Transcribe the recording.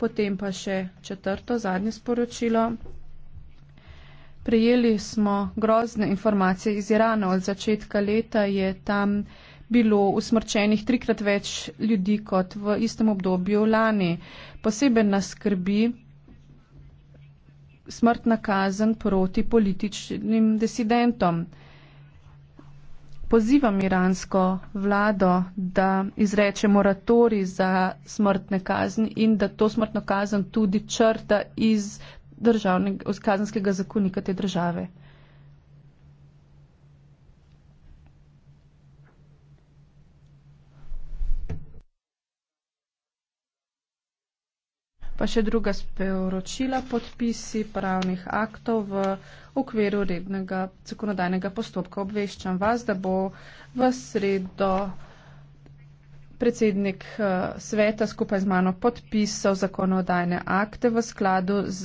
Potem pa še četrto, zadnje sporočilo. Prejeli smo grozne informacije iz Irana. Od začetka leta je tam bilo usmrčenih trikrat več ljudi kot v istem obdobju lani. Posebej nas skrbi smrtna kazen proti političnim desidentom pozivam iransko vlado, da izreče moratori za smrtne kazni in da to smrtno kazen tudi črta iz kazenskega zakonika te države. pa še druga sporočila, podpisi pravnih aktov v okviru rednega zakonodajnega postopka. Obveščam vas, da bo v sredo predsednik eh, sveta skupaj z mano podpisal zakonodajne akte v skladu z